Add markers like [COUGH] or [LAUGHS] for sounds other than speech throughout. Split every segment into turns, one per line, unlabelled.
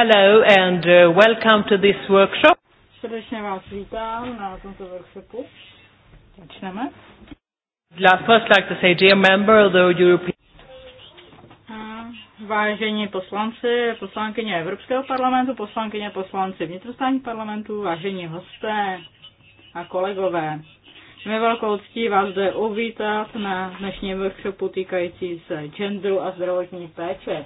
Hello and uh, welcome to this workshop. Srdečně
vás vítám na tomto workshopu. Začneme. First like to say,
dear member of the European
Vážení poslanci, poslankyně Evropského parlamentu, poslankyně poslanci vnitrostání parlamentu, vážení hosté a kolegové. Mě velkou ctí vás zde uvítat na dnešním workshopu týkající se genderu a zdravotní péče.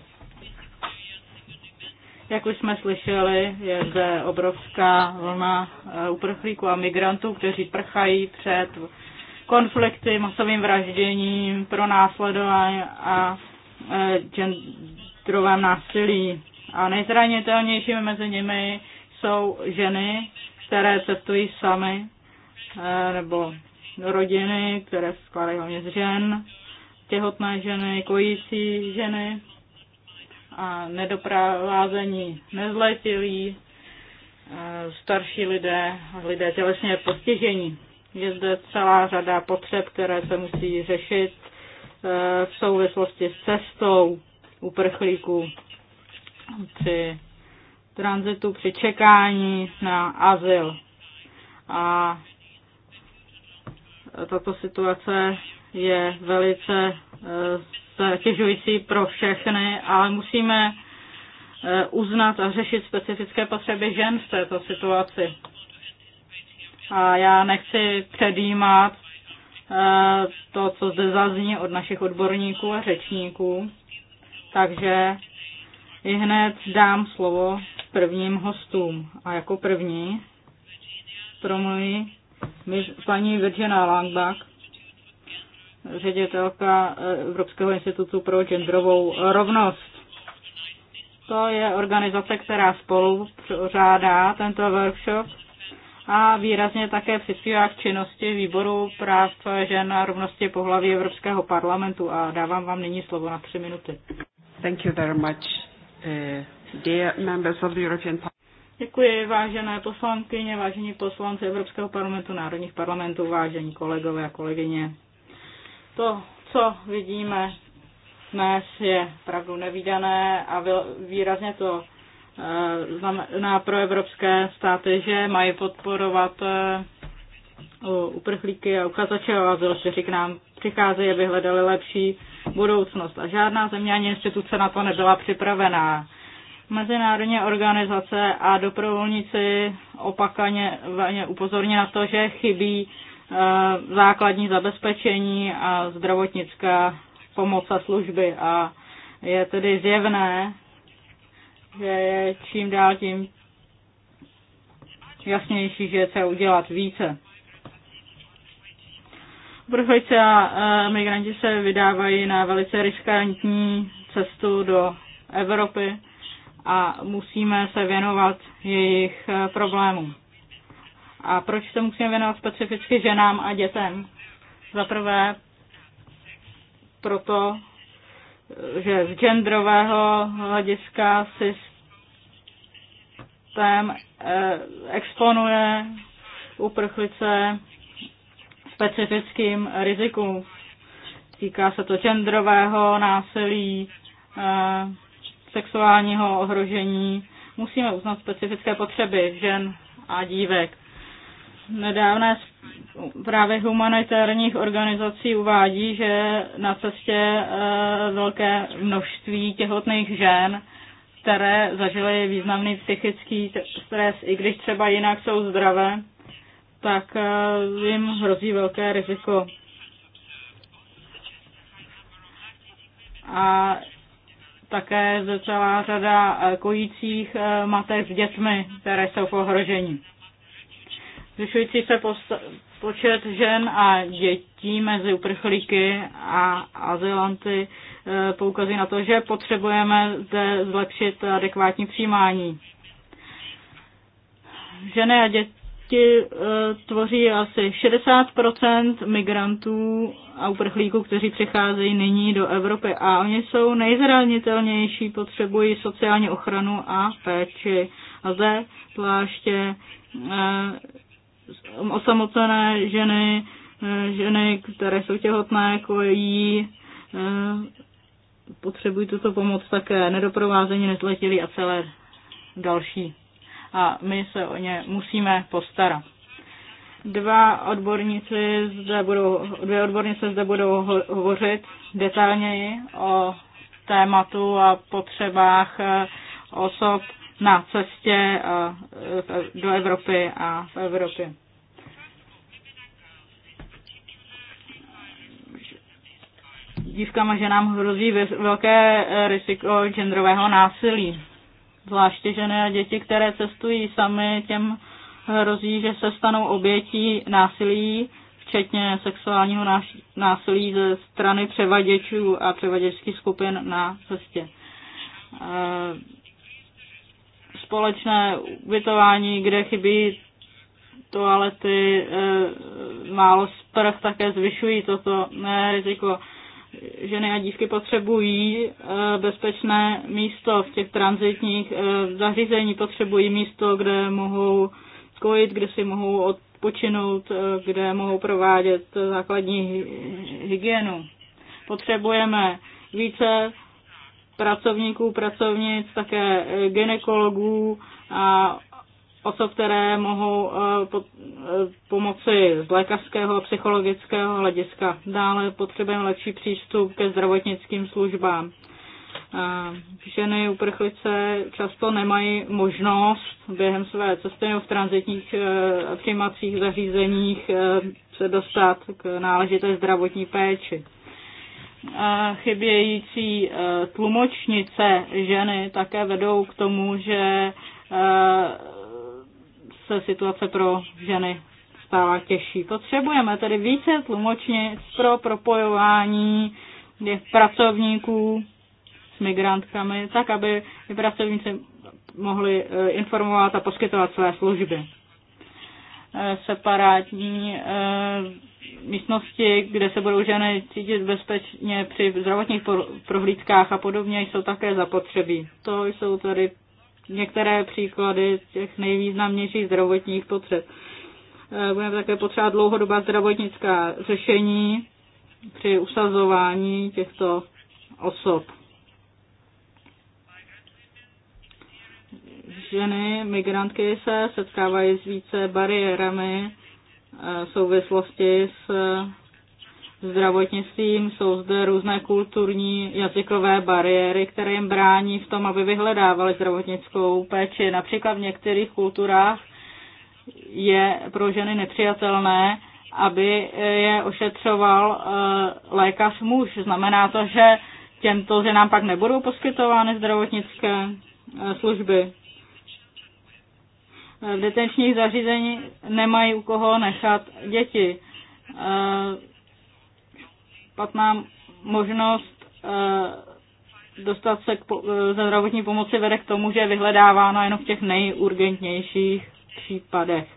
Jak už jsme slyšeli, je zde obrovská vlna eh, uprchlíků a migrantů, kteří prchají před konflikty, masovým vražděním, pronásledování a eh, genderovém násilí. A nejzranitelnějšími mezi nimi jsou ženy, které cestují samy, eh, nebo rodiny, které skládají hlavně z žen, těhotné ženy, kojící ženy a nedoprovázení nezletilí, starší lidé a lidé tělesně postižení. Je zde celá řada potřeb, které se musí řešit e, v souvislosti s cestou uprchlíků při tranzitu, při čekání na azyl. A tato situace je velice e, zatěžující pro všechny, ale musíme e, uznat a řešit specifické potřeby žen v této situaci. A já nechci předjímat e, to, co zde zazní od našich odborníků a řečníků, takže i hned dám slovo prvním hostům. A jako první promluví paní Virginia Langbach, ředitelka eh, Evropského institutu pro genderovou rovnost. To je organizace, která spolu pořádá tento workshop a výrazně také přispívá k činnosti výboru práv žen a rovnosti pohlaví Evropského parlamentu a dávám vám nyní slovo na tři minuty. Thank you very much, uh, dear members of the European Parliament. Děkuji, vážené poslankyně, vážení poslanci Evropského parlamentu, národních parlamentů, vážení kolegové a kolegyně. To, co vidíme dnes, je pravdu nevýdané a výrazně to eh, znamená pro evropské státy, že mají podporovat eh, uprchlíky a ukazače o azyl, že k nám přicházejí, aby hledali lepší budoucnost. A žádná země ani instituce na to nebyla připravená. Mezinárodní organizace a doprovolníci opakaně upozorní na to, že chybí Eh, základní zabezpečení a zdravotnická pomoc a služby. A je tedy zjevné, že je čím dál tím jasnější, že třeba udělat více. Uprchlíci a eh, migranti se vydávají na velice riskantní cestu do Evropy a musíme se věnovat jejich eh, problémům. A proč se musíme věnovat specificky ženám a dětem? Za prvé, proto, že z genderového hlediska systém eh, exponuje uprchlice specifickým rizikům. Týká se to genderového násilí, eh, sexuálního ohrožení. Musíme uznat specifické potřeby žen a dívek nedávné právě humanitárních organizací uvádí, že na cestě e, velké množství těhotných žen, které zažily významný psychický stres, i když třeba jinak jsou zdravé, tak e, jim hrozí velké riziko. A také celá řada e, kojících matek s dětmi, které jsou v ohrožení zvyšující se počet žen a dětí mezi uprchlíky a azylanty e, poukazují na to, že potřebujeme zde zlepšit adekvátní přijímání. Ženy a děti e, tvoří asi 60 migrantů a uprchlíků, kteří přicházejí nyní do Evropy a oni jsou nejzranitelnější, potřebují sociální ochranu a péči. A zde zvláště e, osamocené ženy, eh, ženy, které jsou těhotné, kojí, jako eh, potřebují tuto pomoc také nedoprovázení, nezletilí a celé další. A my se o ně musíme postarat. Dva odborníci zde budou, dvě odbornice zde budou hovořit detailněji o tématu a potřebách eh, osob na cestě e, do Evropy a v Evropě. Dívkám že nám hrozí velké e, riziko genderového násilí. Zvláště ženy a děti, které cestují sami, těm hrozí, že se stanou obětí násilí, včetně sexuálního násilí ze strany převaděčů a převaděčských skupin na cestě e, společné ubytování, kde chybí toalety, eh, málo sprch také zvyšují toto eh, riziko. Ženy a dívky potřebují eh, bezpečné místo v těch transitních zařízení, potřebují místo, kde mohou kojit, kde si mohou odpočinout, kde mohou provádět základní hygienu. Potřebujeme více pracovníků, pracovnic, také eh, ginekologů a osob, které mohou eh, eh, pomoci z lékařského a psychologického hlediska. Dále potřebujeme lepší přístup ke zdravotnickým službám. Ženy uprchlice často nemají možnost během své cesty nebo v transitních přijímacích zařízeních se dostat k náležité zdravotní péči chybějící e, tlumočnice ženy také vedou k tomu, že e, se situace pro ženy stává těžší. Potřebujeme tedy více tlumočnic pro propojování pracovníků s migrantkami, tak aby pracovníci mohli e, informovat a poskytovat své služby. Eh, separátní eh, místnosti, kde se budou ženy cítit bezpečně při zdravotních prohlídkách a podobně, jsou také zapotřebí. To jsou tady některé příklady těch nejvýznamnějších zdravotních potřeb. Eh, budeme také potřebovat dlouhodobá zdravotnická řešení při usazování těchto osob. ženy, migrantky se setkávají s více bariérami e, v souvislosti s e, zdravotnictvím. Jsou zde různé kulturní jazykové bariéry, které jim brání v tom, aby vyhledávali zdravotnickou péči. Například v některých kulturách je pro ženy nepřijatelné, aby je ošetřoval e, lékař muž. Znamená to, že těmto ženám pak nebudou poskytovány zdravotnické služby v detenčních zařízení nemají u koho nechat děti. Eh, mám možnost eh, dostat se k eh, zdravotní pomoci vede k tomu, že je vyhledáváno jenom v těch nejurgentnějších případech.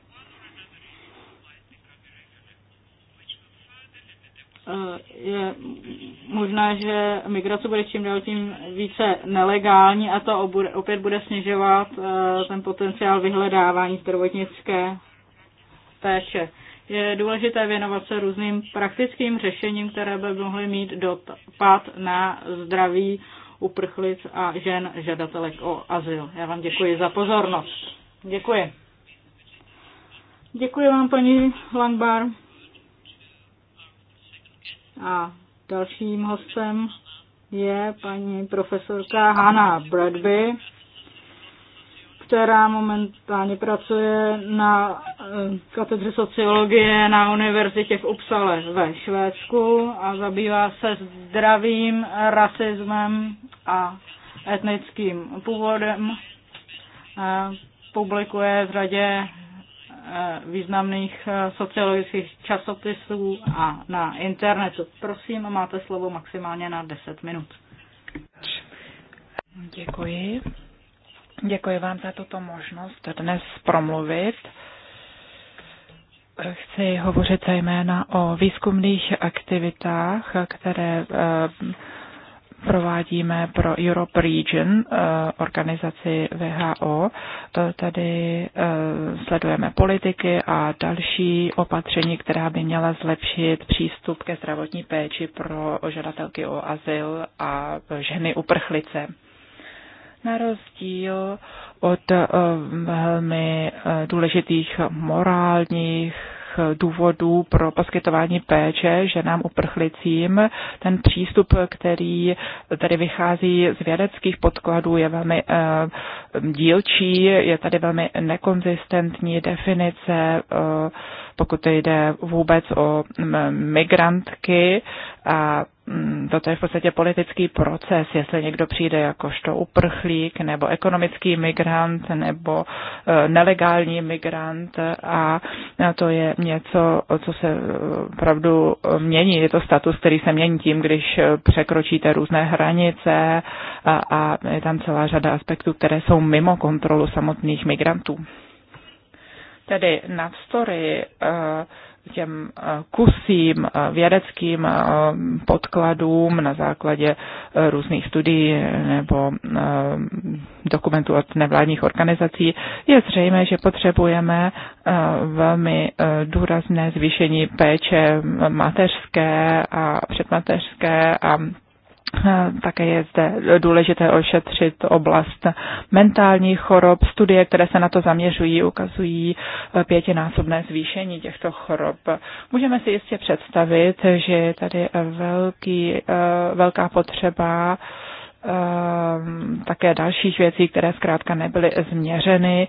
Eh, je možné, že migrace bude čím dál tím více nelegální a to opět bude snižovat eh, ten potenciál vyhledávání zdravotnické péče. Je důležité věnovat se různým praktickým řešením, které by mohly mít dopad na zdraví uprchlic a žen žadatelek o azyl. Já vám děkuji za pozornost. Děkuji. Děkuji vám, paní Langbar. A dalším hostem je paní profesorka Hanna Bradby, která momentálně pracuje na eh, katedře sociologie na univerzitě v Uppsale ve Švédsku a zabývá se zdravým rasismem a etnickým původem. Eh, publikuje v řadě Eh, významných eh, sociologických časopisů a na internetu. Prosím, máte slovo maximálně na 10 minut. Děkuji. Děkuji vám za tuto možnost
dnes promluvit. Chci hovořit zejména o výzkumných aktivitách, které eh, provádíme pro Europe Region, eh, organizaci VHO. Tady eh, sledujeme politiky a další opatření, která by měla zlepšit přístup ke zdravotní péči pro žadatelky o azyl a ženy uprchlice na rozdíl od eh, velmi důležitých morálních důvodů pro poskytování péče ženám uprchlicím. Ten přístup, který tady vychází z vědeckých podkladů, je velmi eh, dílčí, je tady velmi nekonzistentní definice, eh, pokud jde vůbec o mm, migrantky a Mm, toto je v podstatě politický proces, jestli někdo přijde jakožto uprchlík nebo ekonomický migrant nebo e, nelegální migrant a e, to je něco, co se e, opravdu mění. Je to status, který se mění tím, když překročíte různé hranice a, a je tam celá řada aspektů, které jsou mimo kontrolu samotných migrantů. Tedy navzdory uh, těm eh, kusím, eh, vědeckým eh, podkladům na základě různých studií nebo dokumentů od nevládních organizací, je zřejmé, že potřebujeme velmi důrazné zvýšení péče mateřské a předmateřské a Eh, také je zde důležité ošetřit oblast mentálních chorob. Studie, které se na to zaměřují, ukazují eh, pětinásobné zvýšení těchto chorob. Můžeme si jistě představit, že je tady eh, velký, velká potřeba ehm, také dalších věcí, které zkrátka nebyly změřeny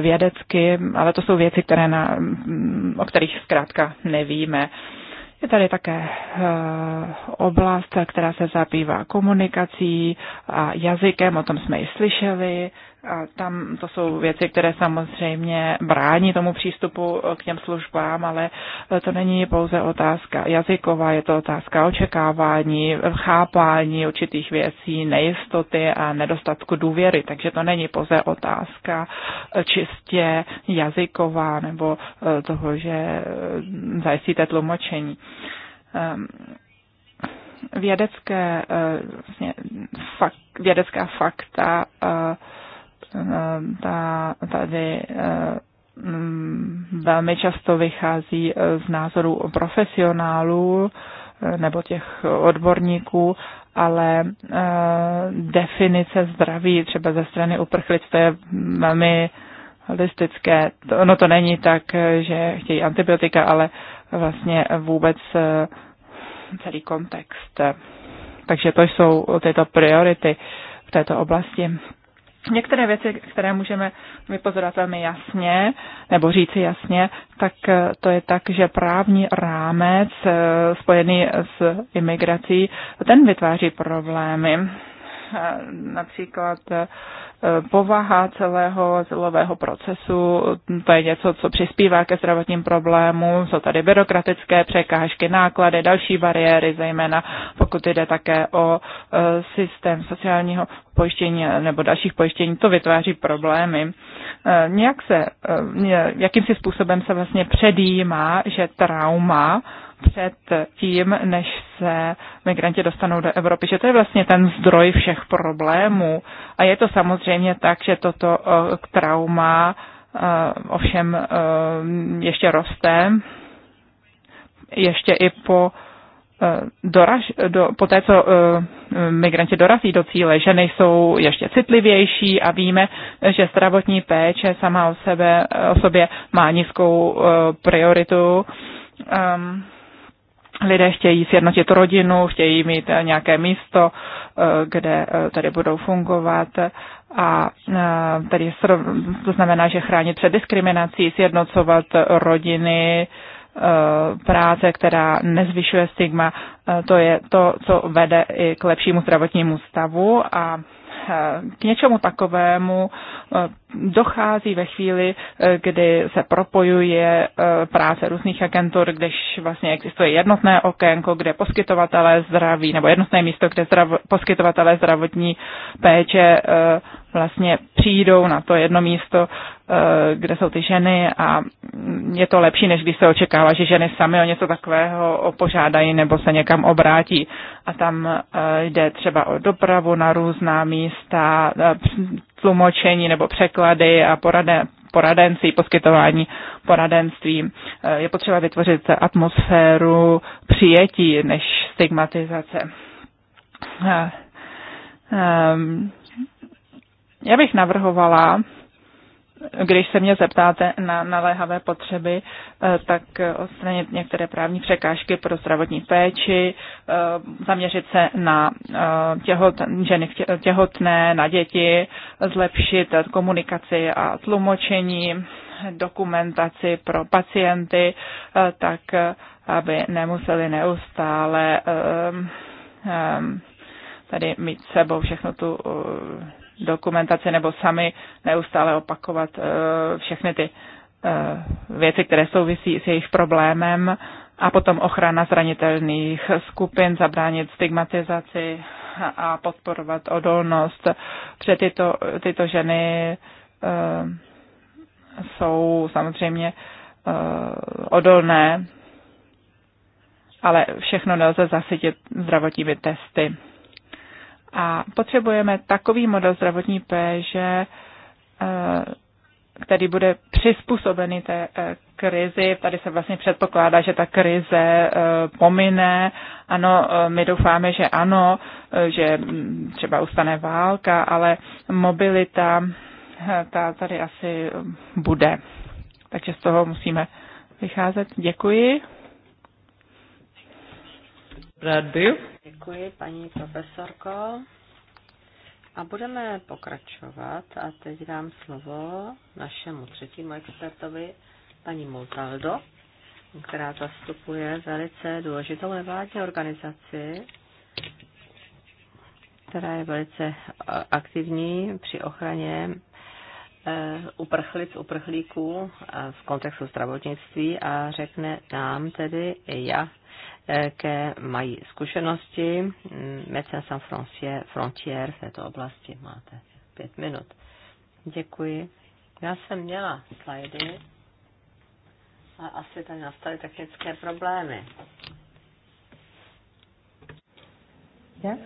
vědecky, ale to jsou věci, které na, mm, o kterých zkrátka nevíme. Je tady také eh, oblast, která se zabývá komunikací a jazykem, o tom jsme i slyšeli, a tam to jsou věci, které samozřejmě brání tomu přístupu eh, k těm službám, ale eh, to není pouze otázka jazyková, je to otázka očekávání, eh, chápání určitých věcí, nejistoty a nedostatku důvěry. Takže to není pouze otázka čistě jazyková nebo toho, že zajistíte tlumočení ehm, vědecké, vlastně, vědecká fakta ta, tady eh, mm, velmi často vychází eh, z názoru profesionálů eh, nebo těch odborníků, ale definice zdraví třeba ze strany uprchlic, to je velmi holistické. No to není tak, že chtějí antibiotika, ale vlastně vůbec celý kontext. Takže to jsou tyto priority v této oblasti. Některé věci, které můžeme vypozorovat velmi jasně, nebo říci jasně, tak eh, to je tak, že právní rámec eh, spojený s imigrací, ten vytváří problémy například eh, povaha celého zlového procesu, to je něco, co přispívá ke zdravotním problémům, jsou tady byrokratické překážky, náklady, další bariéry, zejména pokud jde také o eh, systém sociálního pojištění nebo dalších pojištění, to vytváří problémy. Eh, nějak se, jakým si způsobem se vlastně předjímá, že trauma před tím, než se migranti dostanou do Evropy, že to je vlastně ten zdroj všech problémů. A je to samozřejmě tak, že toto eh, trauma eh, ovšem eh, ještě roste, ještě i po doraž, do, po té, co uh, migranti dorazí do cíle, že nejsou ještě citlivější a víme, že zdravotní péče sama o, sebe, o sobě má nízkou uh, prioritu. Um, lidé chtějí sjednotit rodinu, chtějí mít eh, nějaké místo, eh, kde eh, tady budou fungovat a tady to znamená, že chránit před diskriminací, sjednocovat rodiny, práce, která nezvyšuje stigma, to je to, co vede i k lepšímu zdravotnímu stavu a k něčemu takovému e, dochází ve chvíli, e, kdy se propojuje e, práce různých agentur, když vlastně existuje jednotné okénko, kde poskytovatelé zdraví, nebo jednotné místo, kde zdrav, poskytovatelé zdravotní péče vlastně přijdou na to jedno místo, eh, kde jsou ty ženy a je to lepší, než když se očekává, že ženy sami o něco takového požádají nebo se někam obrátí. A tam eh, jde třeba o dopravu na různá místa, eh, tlumočení nebo překlady a poraden, poradenství, poskytování poradenství. Je potřeba vytvořit atmosféru přijetí než stigmatizace. Um, já bych navrhovala, když se mě zeptáte na naléhavé potřeby, eh, tak odstranit některé právní překážky pro zdravotní péči, eh, zaměřit se na eh, ženy těhotné, na děti, zlepšit komunikaci a tlumočení, dokumentaci pro pacienty, tak aby nemuseli neustále tady mít sebou všechno tu dokumentaci nebo sami neustále opakovat eh, všechny ty eh, věci, které souvisí s jejich problémem a potom ochrana zranitelných skupin, zabránit stigmatizaci a podporovat odolnost. Protože tyto, tyto ženy eh, jsou samozřejmě odolné, ale všechno nelze zasytit zdravotními testy. A potřebujeme takový model zdravotní péže, eh, který bude přizpůsobený té eh, krizi. Tady se vlastně předpokládá, že ta krize eh, pomine. Ano, my doufáme, že ano, že mm, třeba ustane válka, ale mobilita ta tady asi bude. Takže z toho musíme vycházet. Děkuji.
Bradby. Děkuji, paní profesorko. A budeme pokračovat a teď dám slovo našemu třetímu expertovi, paní Multaldo, která zastupuje velice důležitou nevládní organizaci, která je velice eh, aktivní při ochraně eh, uprchlic, uprchlíků eh, v kontextu zdravotnictví a řekne nám tedy, jak jaké mají zkušenosti. Médecin San Francier, Frontier v této oblasti máte pět minut. Děkuji. Já jsem měla slajdy, A asi tady nastaly technické problémy. Yeah?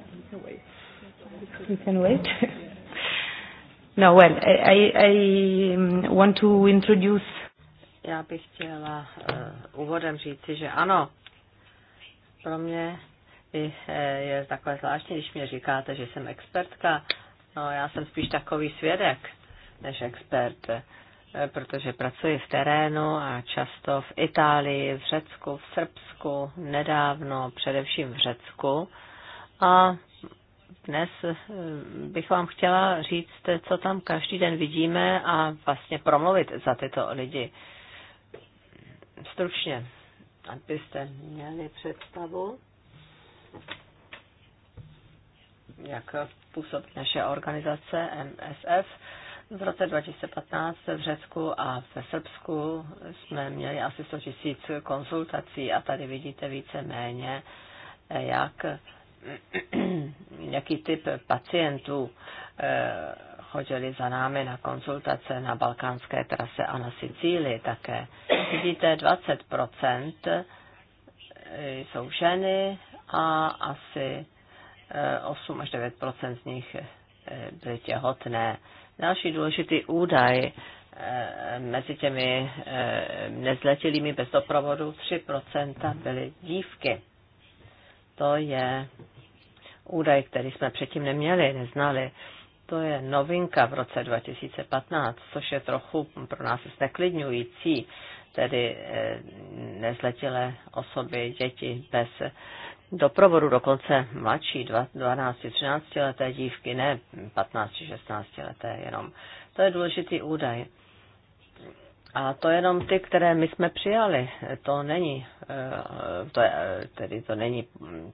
You can wait. [LAUGHS] No, well, I, I um, want to introduce... Já bych chtěla uh, úvodem říci, že ano, pro mě eh, je takové zvláštní, když mě říkáte, že jsem expertka. No, já jsem spíš takový svědek než expert, eh, protože pracuji v terénu a často v Itálii, v Řecku, v Srbsku, nedávno, především v Řecku. A dnes eh, bych vám chtěla říct, co tam každý den vidíme a vlastně promluvit za tyto lidi. Stručně abyste měli představu, jak působí naše organizace MSF. V roce 2015 v Řecku a ve Srbsku jsme měli asi 100 tisíc konzultací a tady vidíte více-méně, jak, [CLEARS THROAT] jaký typ pacientů eh, chodili za námi na konzultace na balkánské trase a na Sicílii také. Vidíte, 20% eh, jsou ženy a asi 8 eh, až 9 z nich eh, byly těhotné. Další důležitý údaj mezi těmi nezletilými bez doprovodu 3 byly dívky. To je údaj, který jsme předtím neměli, neznali to je novinka v roce 2015, což je trochu pro nás zneklidňující, tedy eh, nezletilé osoby, děti bez doprovodu, dokonce mladší, 12-13 leté dívky, ne 15-16 leté jenom. To je důležitý údaj. A to jenom ty, které my jsme přijali. To není, eh, to je, tedy to není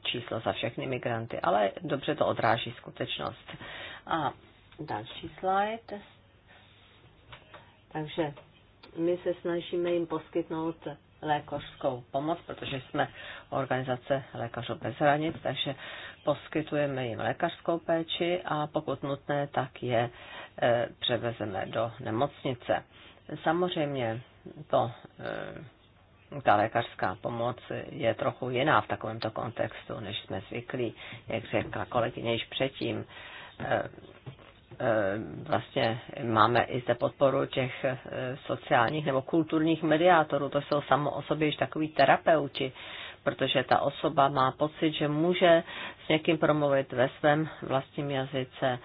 číslo za všechny migranty, ale dobře to odráží skutečnost. A další slide. Takže my se snažíme jim poskytnout lékařskou pomoc, protože jsme organizace Lékařů bez hranic, takže poskytujeme jim lékařskou péči a pokud nutné, tak je e, převezeme do nemocnice. Samozřejmě to, e, ta lékařská pomoc je trochu jiná v takovémto kontextu, než jsme zvyklí, jak řekla kolegyně již předtím. E, Eh, eh, vlastně máme i zde podporu těch eh, sociálních nebo kulturních mediátorů. To jsou samo o sobě již takový terapeuti, protože ta osoba má pocit, že může s někým promluvit ve svém vlastním jazyce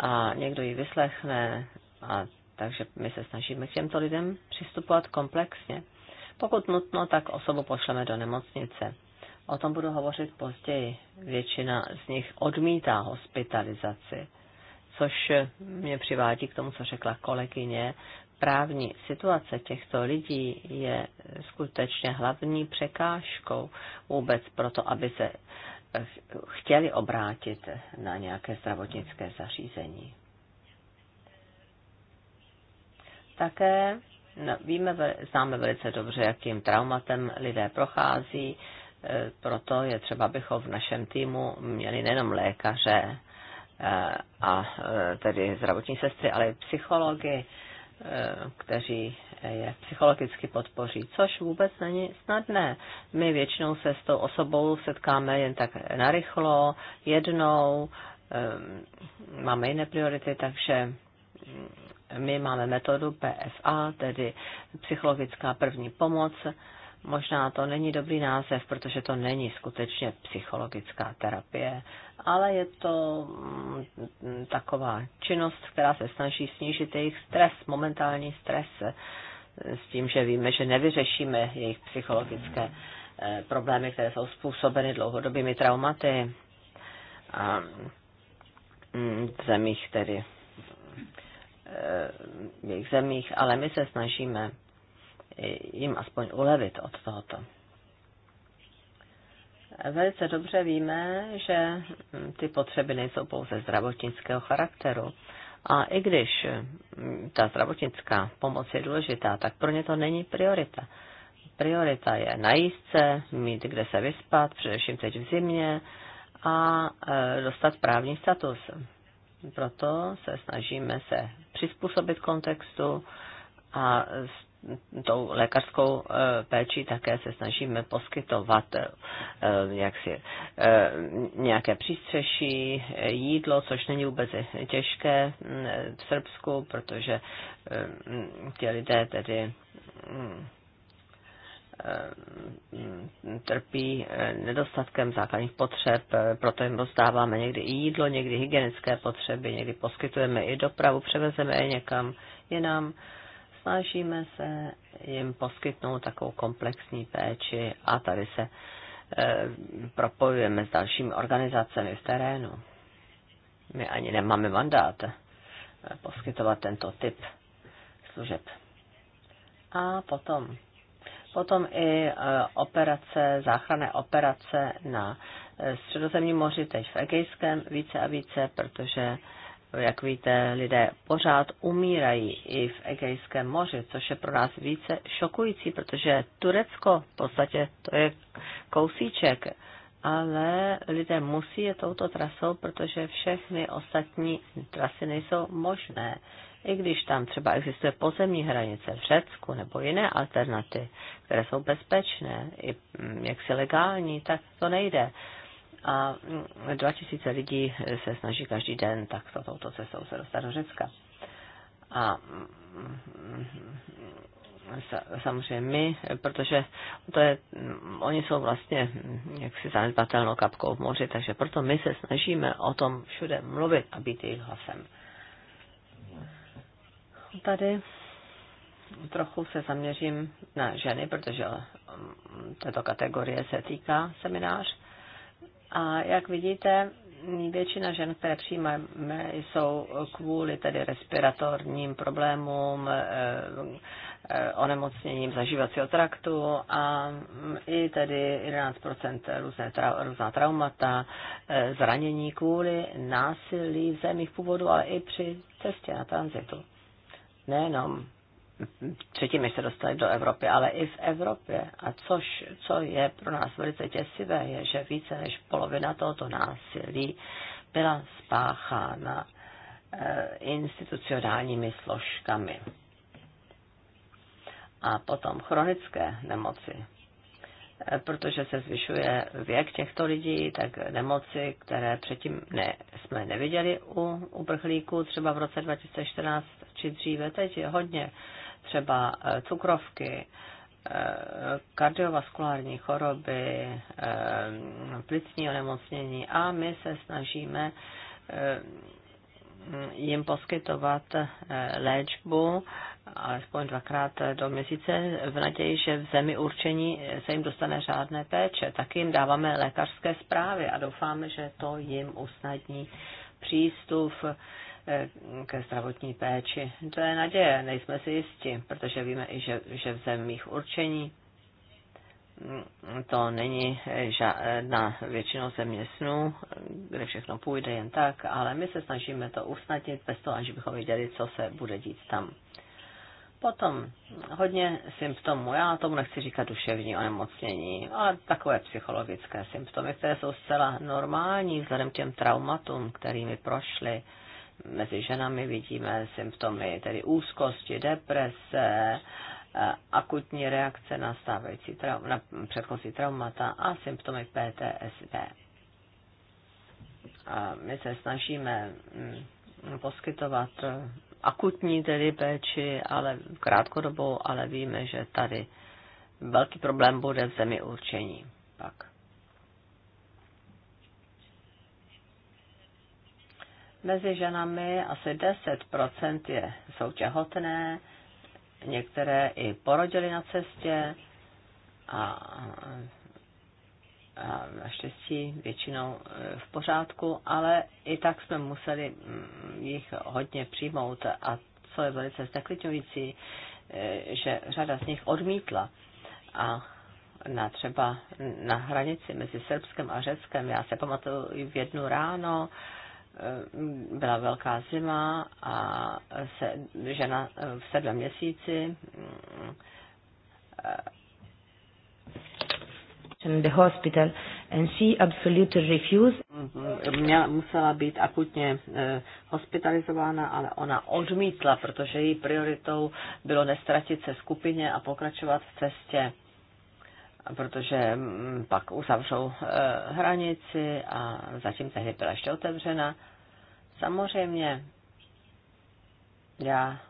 a někdo ji vyslechne. A takže my se snažíme k těmto lidem přistupovat komplexně. Pokud nutno, tak osobu pošleme do nemocnice. O tom budu hovořit později. Většina z nich odmítá hospitalizaci, což mě přivádí k tomu, co řekla kolegyně. Právní situace těchto lidí je skutečně hlavní překážkou vůbec proto, aby se chtěli obrátit na nějaké zdravotnické zařízení. Také víme, známe velice dobře, jakým traumatem lidé prochází, E, proto je třeba, abychom v našem týmu měli nejenom lékaře e, a e, tedy zdravotní sestry, ale i psychologi, kteří je psychologicky podpoří, což vůbec není snadné. My většinou se s tou osobou setkáme jen tak narychlo, jednou, máme jiné priority, takže my máme metodu PFA, tedy psychologická první pomoc, Možná to není dobrý název, protože to není skutečně psychologická terapie, ale je to mm, taková činnost, která se snaží snížit jejich stres, momentální stres, eh, s tím, že víme, že nevyřešíme jejich psychologické eh, problémy, které jsou způsobeny dlouhodobými traumaty a mm, v zemích tedy, eh, v jejich zemích, ale my se snažíme jim aspoň ulevit od tohoto. Velice dobře víme, že ty potřeby nejsou pouze zdravotnického charakteru. A i když ta zdravotnická pomoc je důležitá, tak pro ně to není priorita. Priorita je najíst se, mít kde se vyspat, především teď v zimě, a e, dostat právní status. Proto se snažíme se přizpůsobit kontextu a tou lékařskou eh, péči také se snažíme poskytovat eh, jaksi, eh, nějaké přístřeší, jídlo, což není vůbec těžké mm, v Srbsku, protože ti lidé tedy mm, trpí nedostatkem základních potřeb, proto jim rozdáváme někdy i jídlo, někdy hygienické potřeby, někdy poskytujeme i dopravu, převezeme je někam jinam. nám Snažíme se jim poskytnout takovou komplexní péči a tady se e, propojujeme s dalšími organizacemi v terénu. My ani nemáme mandát eh, poskytovat tento typ služeb. A potom, potom i eh, operace, záchranné operace na Středozemním moři, teď v Egejském, více a více, protože jak víte, lidé pořád umírají i v Egejském moři, což je pro nás více šokující, protože Turecko v podstatě to je kousíček, ale lidé musí je touto trasou, protože všechny ostatní trasy nejsou možné. I když tam třeba existuje pozemní hranice v Řecku nebo jiné alternativy, které jsou bezpečné, i mm, jaksi legální, tak to nejde a 2000 mm, lidí se snaží každý den takto touto cestou se dostat do Řecka. A mm, samozřejmě my, protože to je, mm, oni jsou vlastně jaksi zanedbatelnou kapkou v moři, takže proto my se snažíme o tom všude mluvit a být jejich hlasem. Tady trochu se zaměřím na ženy, protože této kategorie se týká seminář. A jak vidíte, většina žen, které přijímáme, jsou kvůli tedy respiratorním problémům, eh, eh, onemocněním zažívacího traktu a mm, i tedy 11% různé tra, různá traumata, eh, zranění kvůli násilí v zemích původu, ale i při cestě na tranzitu. Nejenom předtím, než se dostali do Evropy, ale i v Evropě. A což, co je pro nás velice těsivé, je, že více než polovina tohoto násilí byla spáchána eh, institucionálními složkami. A potom chronické nemoci. Eh, protože se zvyšuje věk těchto lidí, tak nemoci, které předtím ne, jsme neviděli u uprchlíků, třeba v roce 2014 či dříve, teď je hodně třeba eh, cukrovky, eh, kardiovaskulární choroby, eh, plicní onemocnění a my se snažíme jim poskytovat léčbu alespoň dvakrát do měsíce v naději, že v zemi určení se jim dostane řádné péče. Tak jim dáváme lékařské zprávy a doufáme, že to jim usnadní přístup ke zdravotní péči. To je naděje, nejsme si jisti, protože víme i, že, že v zemích určení to není žádná většinou země snů, kde všechno půjde jen tak, ale my se snažíme to usnadnit bez toho, aniž bychom věděli, co se bude dít tam. Potom hodně symptomů, já tomu nechci říkat duševní onemocnění, ale takové psychologické symptomy, které jsou zcela normální vzhledem k těm traumatům, kterými prošly, mezi ženami vidíme symptomy, tedy úzkosti, deprese, eh, akutní reakce na, stávající trau- na předchozí traumata a symptomy PTSD. A my se snažíme mm, poskytovat eh, akutní tedy péči, ale krátkodobou, ale víme, že tady velký problém bude v zemi určení. Pak. Mezi ženami asi 10% je, jsou těhotné, některé i porodily na cestě a, a naštěstí většinou e, v pořádku, ale i tak jsme museli mm, jich hodně přijmout a co je velice zneklidňující, e, že řada z nich odmítla a na třeba na hranici mezi Srbskem a Řeckem. Já se pamatuju v jednu ráno, Eh, byla velká zima a se, žena eh, v sedmém měsíci eh, in the hospital and she absolutely refused. Měla, musela být akutně eh, hospitalizována, ale ona odmítla, protože její prioritou bylo nestratit se skupině a pokračovat v cestě protože mm, pak uzavřou e, hranici a zatím tehdy byla ještě otevřena. Samozřejmě já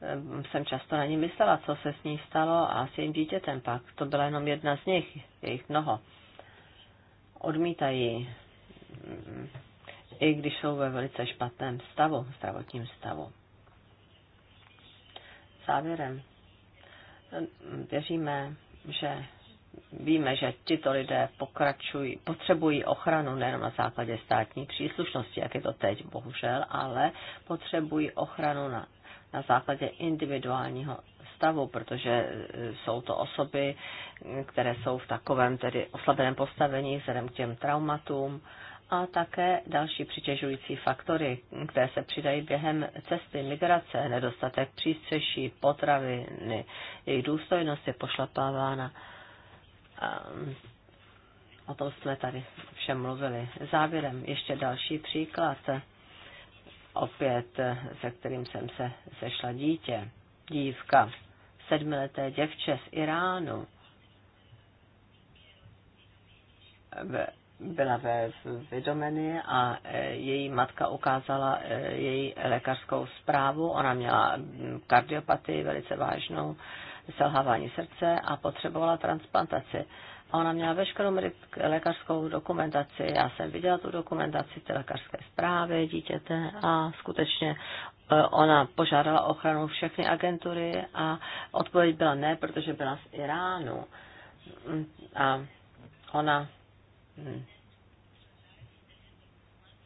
e, jsem často na ní myslela, co se s ní stalo a s jejím dítětem pak. To byla jenom jedna z nich, jejich mnoho. Odmítají, mm, i když jsou ve velice špatném stavu, zdravotním stavu. Závěrem, věříme, že víme, že tito lidé pokračují, potřebují ochranu nejen na základě státní příslušnosti, jak je to teď bohužel, ale potřebují ochranu na, na základě individuálního stavu, protože eh, jsou to osoby, které jsou v takovém tedy oslabeném postavení vzhledem k těm traumatům a také další přitěžující faktory, které se přidají během cesty migrace, nedostatek přístřeší, potraviny, jejich důstojnost je pošlapávána. Ehm, o tom jsme tady všem mluvili. Závěrem ještě další příklad, opět se kterým jsem se sešla dítě, dívka, sedmileté děvče z Iránu. Byla ve vědomeny a e, její matka ukázala e, její lékařskou zprávu. Ona měla kardiopatii velice vážnou selhávání srdce a potřebovala transplantaci. A ona měla veškerou lékařskou dokumentaci. Já jsem viděla tu dokumentaci, ty lékařské zprávy dítěte a skutečně e, ona požádala ochranu všechny agentury a odpověď byla ne, protože byla z Iránu. Mm, a ona mm,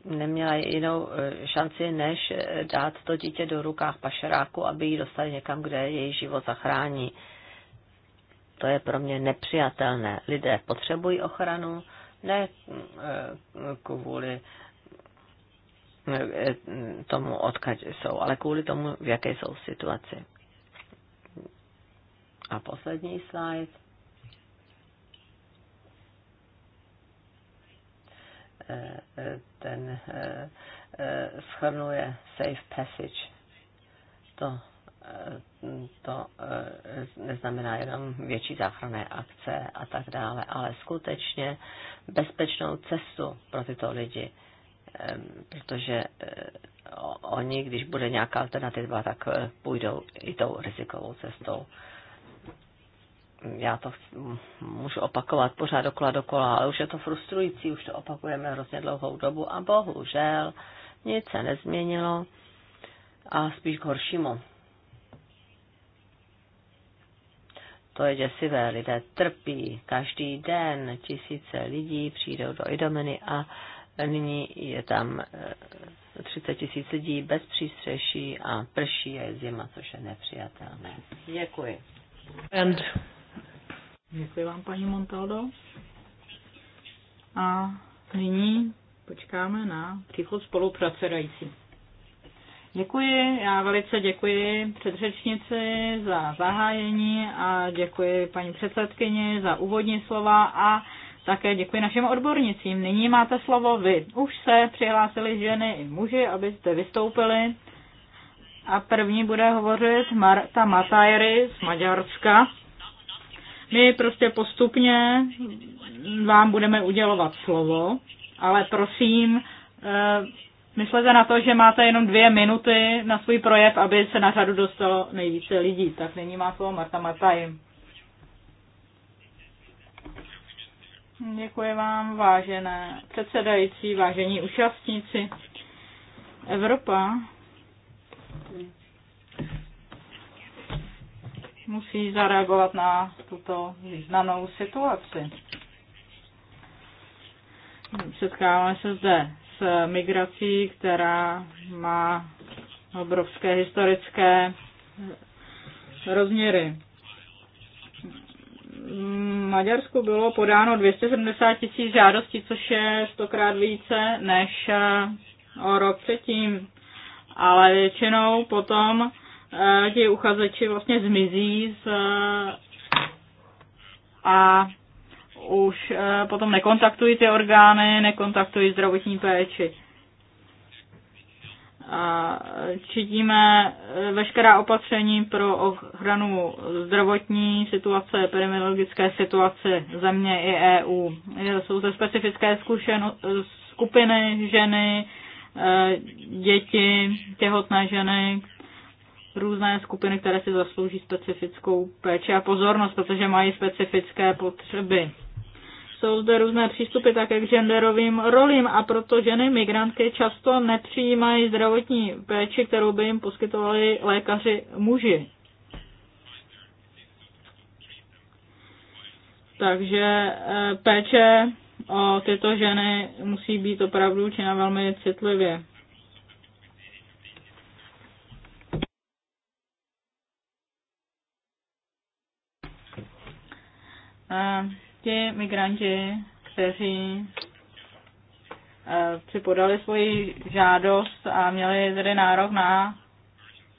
neměla jinou e, šanci, než e, dát to dítě do rukách pašeráku, aby ji dostali někam, kde její život zachrání. To je pro mě nepřijatelné. Lidé potřebují ochranu, ne e, kvůli tomu, odkud jsou, ale kvůli tomu, v jaké jsou situaci. A poslední slide. Eh, eh, ten eh, schrnuje safe passage. To, to neznamená jenom větší záchranné akce a tak dále, ale skutečně bezpečnou cestu pro tyto lidi, protože oni, když bude nějaká alternativa, tak půjdou i tou rizikovou cestou já to můžu opakovat pořád dokola dokola, ale už je to frustrující, už to opakujeme hrozně dlouhou dobu a bohužel nic se nezměnilo a spíš k horšímu. To je děsivé, lidé trpí každý den, tisíce lidí přijdou do Idomeny a nyní je tam 30 eh, tisíc lidí bez přístřeší a prší je zima, což je nepřijatelné. Děkuji. And Děkuji vám, paní Montaldo. A nyní
počkáme na příchod spolupracerající. Děkuji, já velice děkuji předřečnici za zahájení a děkuji paní předsedkyni za úvodní slova a také děkuji našim odbornicím. Nyní máte slovo vy. Už se přihlásili ženy i muži, abyste vystoupili. A první bude hovořit Marta Matajry z Maďarska. My prostě postupně vám budeme udělovat slovo, ale prosím, eh, myslete na to, že máte jenom dvě minuty na svůj projev, aby se na řadu dostalo nejvíce lidí. Tak nyní má slovo Marta Mataj. Děkuji vám, vážené předsedající, vážení účastníci. Evropa musí zareagovat na tuto významnou situaci. Setkáváme se zde s migrací, která má obrovské historické rozměry. Maďarsku bylo podáno 270 tisíc žádostí, což je stokrát více než o rok předtím. Ale většinou potom ti uchazeči vlastně zmizí z, a už e, potom nekontaktují ty orgány, nekontaktují zdravotní péči. A čidíme veškerá opatření pro ochranu zdravotní situace, epidemiologické situace země i EU. Jsou ze specifické zkušeno, skupiny ženy, e, děti, těhotné ženy, různé skupiny, které si zaslouží specifickou péči a pozornost, protože mají specifické potřeby. Jsou zde různé přístupy také k genderovým rolím a proto ženy migrantky často nepřijímají zdravotní péči, kterou by jim poskytovali lékaři muži. Takže eh, péče o tyto ženy musí být opravdu činá velmi citlivě. ti migranti, kteří eh, si podali svoji žádost a měli tedy nárok na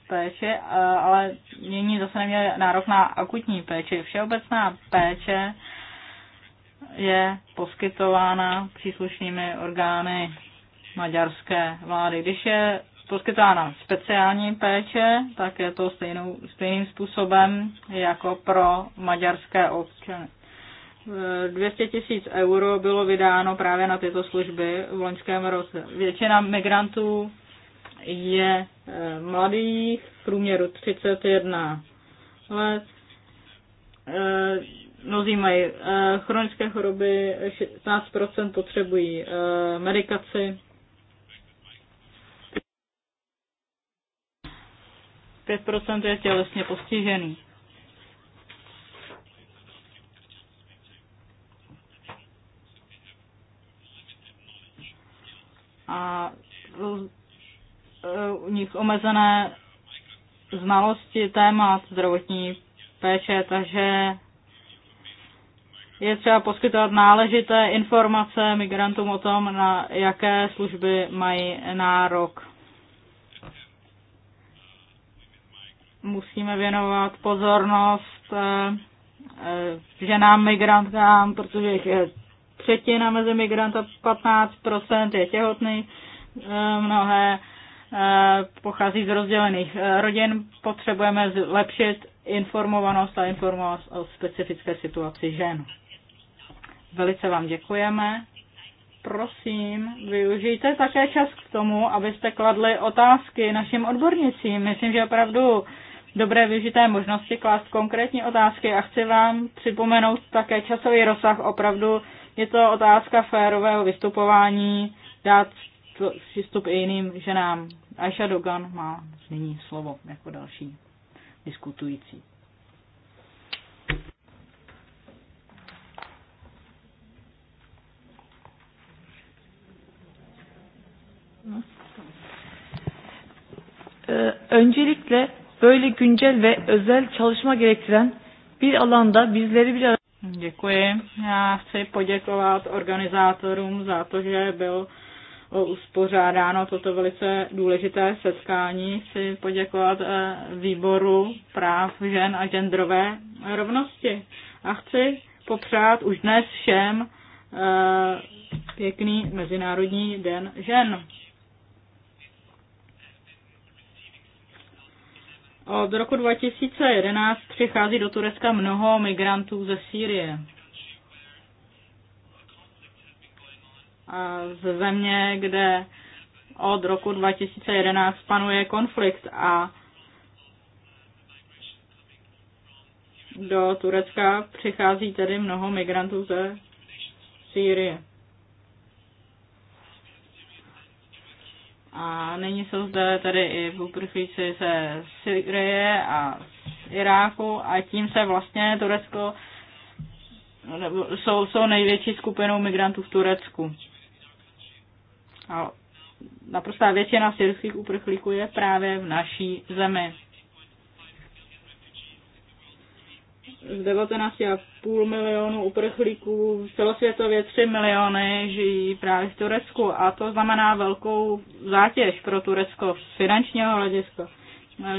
péče, eh, ale nyní zase neměli nárok na akutní péči. Všeobecná péče je poskytována příslušnými orgány maďarské vlády. Když je poskytována speciální péče, tak je to stejnou, stejným způsobem jako pro maďarské občany. 200 tisíc euro bylo vydáno právě na tyto služby v loňském roce. Většina migrantů je e, mladých, v průměru 31 let. E, mnozí mají e, chronické choroby, 16% potřebují medikaci. 5% je tělesně postižených. mít omezené znalosti témat zdravotní péče, takže je třeba poskytovat náležité informace migrantům o tom, na jaké služby mají nárok. Musíme věnovat pozornost eh, eh, ženám migrantkám, protože jich je třetina mezi migranta, 15% je těhotný, eh, mnohé Eh, pochází z rozdělených eh, rodin, potřebujeme zlepšit informovanost a informovanost o specifické situaci žen. Velice vám děkujeme. Prosím, využijte také čas k tomu, abyste kladli otázky našim odbornicím. Myslím, že opravdu dobré využité možnosti klást konkrétní otázky a chci vám připomenout také časový rozsah. Opravdu je to otázka férového vystupování, dát přístup i jiným ženám. Aisha Dogan má nyní slovo jako další diskutující.
öncelikle böyle güncel ve özel çalışma gerektiren bir alanda bizleri bir arada
Děkuji. Já chci poděkovat organizátorům za to, že byl uspořádáno toto velice důležité setkání. Chci poděkovat eh, výboru práv žen a genderové rovnosti. A chci popřát už dnes všem eh, pěkný Mezinárodní den žen. Od roku 2011 přichází do Turecka mnoho migrantů ze Sýrie. z země, kde od roku 2011 panuje konflikt a do Turecka přichází tedy mnoho migrantů ze Sýrie. A nyní jsou zde tedy i uprchlíci ze Syrie a z Iráku a tím se vlastně Turecko jsou, jsou největší skupinou migrantů v Turecku. A naprostá většina syrských uprchlíků je právě v naší zemi. Z 19,5 milionů uprchlíků celosvětově 3 miliony žijí právě v Turecku a to znamená velkou zátěž pro Turecko z finančního hlediska.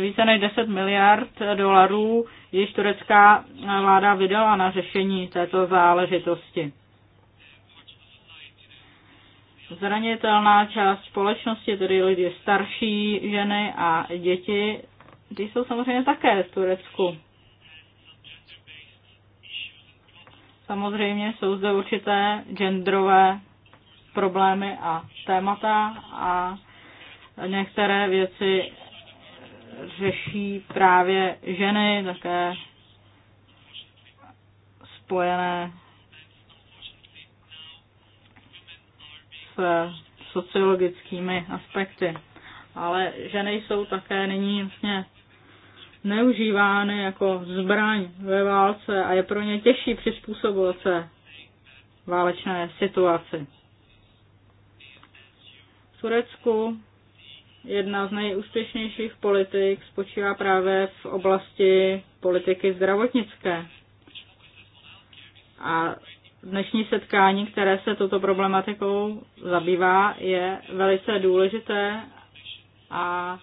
Více než 10 miliard dolarů již turecká vláda vydala na řešení této záležitosti zranitelná část společnosti, tedy lidi starší, ženy a děti, ty jsou samozřejmě také v Turecku. Samozřejmě jsou zde určité genderové problémy a témata a některé věci řeší právě ženy, také spojené Eh, sociologickými aspekty. Ale ženy jsou také nyní vlastně neužívány jako zbraň ve válce a je pro ně těžší přizpůsobovat se válečné situaci. V Turecku jedna z nejúspěšnějších politik spočívá právě v oblasti politiky zdravotnické. A dnešní setkání, které se touto problematikou zabývá, je velice důležité a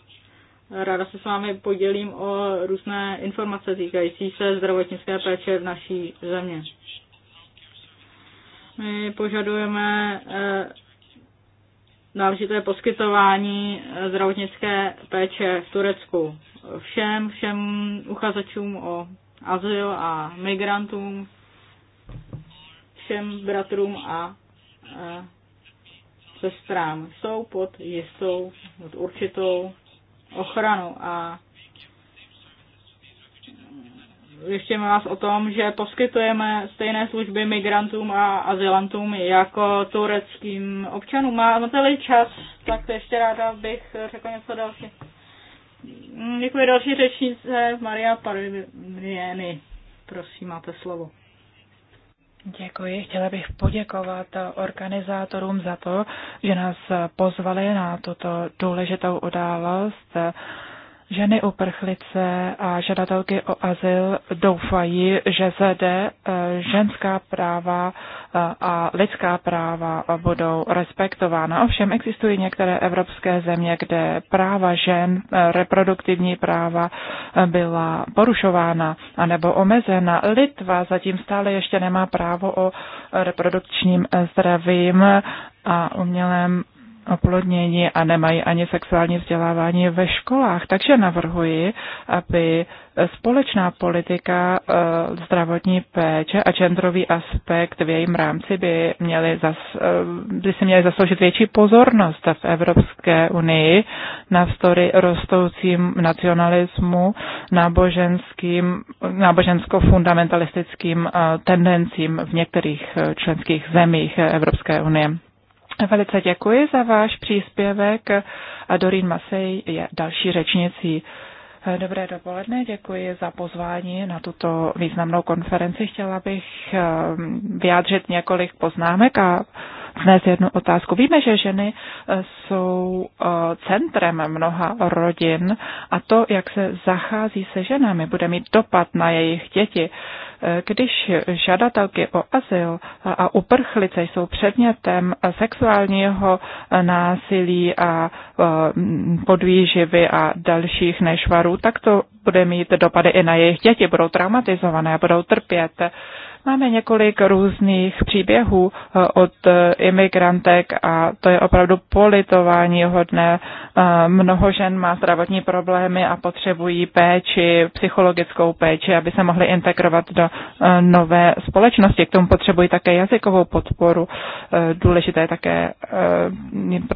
ráda se s vámi podělím o různé informace týkající se zdravotnické péče v naší země. My požadujeme eh, náležité poskytování eh, zdravotnické péče v Turecku všem, všem uchazečům o azyl a migrantům všem bratrům a sestrám. Jsou pod jistou, pod určitou ochranu a ještě vás o tom, že poskytujeme stejné služby migrantům a azylantům jako tureckým občanům. Máte-li čas, tak ještě ráda bych řekl něco další. Děkuji další řečnice Maria Parvieny. Prosím, máte slovo.
Děkuji. Chtěla bych poděkovat organizátorům za to, že nás pozvali na tuto důležitou událost. Ženy uprchlice a žadatelky o azyl doufají, že zde eh, ženská práva eh, a lidská práva budou respektována. Ovšem existují některé evropské země, kde práva žen, eh, reproduktivní práva byla porušována anebo omezena. Litva zatím stále ještě nemá právo o reprodukčním zdravím a umělém oplodnění a nemají ani sexuální vzdělávání ve školách. Takže navrhuji, aby společná politika eh, zdravotní péče a genderový aspekt v jejím rámci by, měly zas, eh, by si měly zasloužit větší pozornost v Evropské unii navzdory rostoucím nacionalismu, náboženským, nábožensko-fundamentalistickým eh, tendencím v některých členských zemích Evropské unie. Velice děkuji za váš příspěvek. Dorin Masej je další řečnicí. Dobré dopoledne, děkuji za pozvání na tuto významnou konferenci. Chtěla bych eh, vyjádřit několik poznámek a vznést jednu otázku. Víme, že ženy e, jsou e, centrem mnoha rodin a to, jak se zachází se ženami, bude mít dopad na jejich děti. E, když žadatelky o azyl a uprchlice jsou předmětem sexuálního násilí a podvýživy a dalších nešvarů, tak to bude mít dopady i na jejich děti. Budou traumatizované, budou trpět Máme několik různých příběhů eh, od eh, imigrantek a to je opravdu politování hodné. Eh, mnoho žen má zdravotní problémy a potřebují péči, psychologickou péči, aby se mohly integrovat do nové společnosti. K tomu potřebují také jazykovou podporu. Důležité je také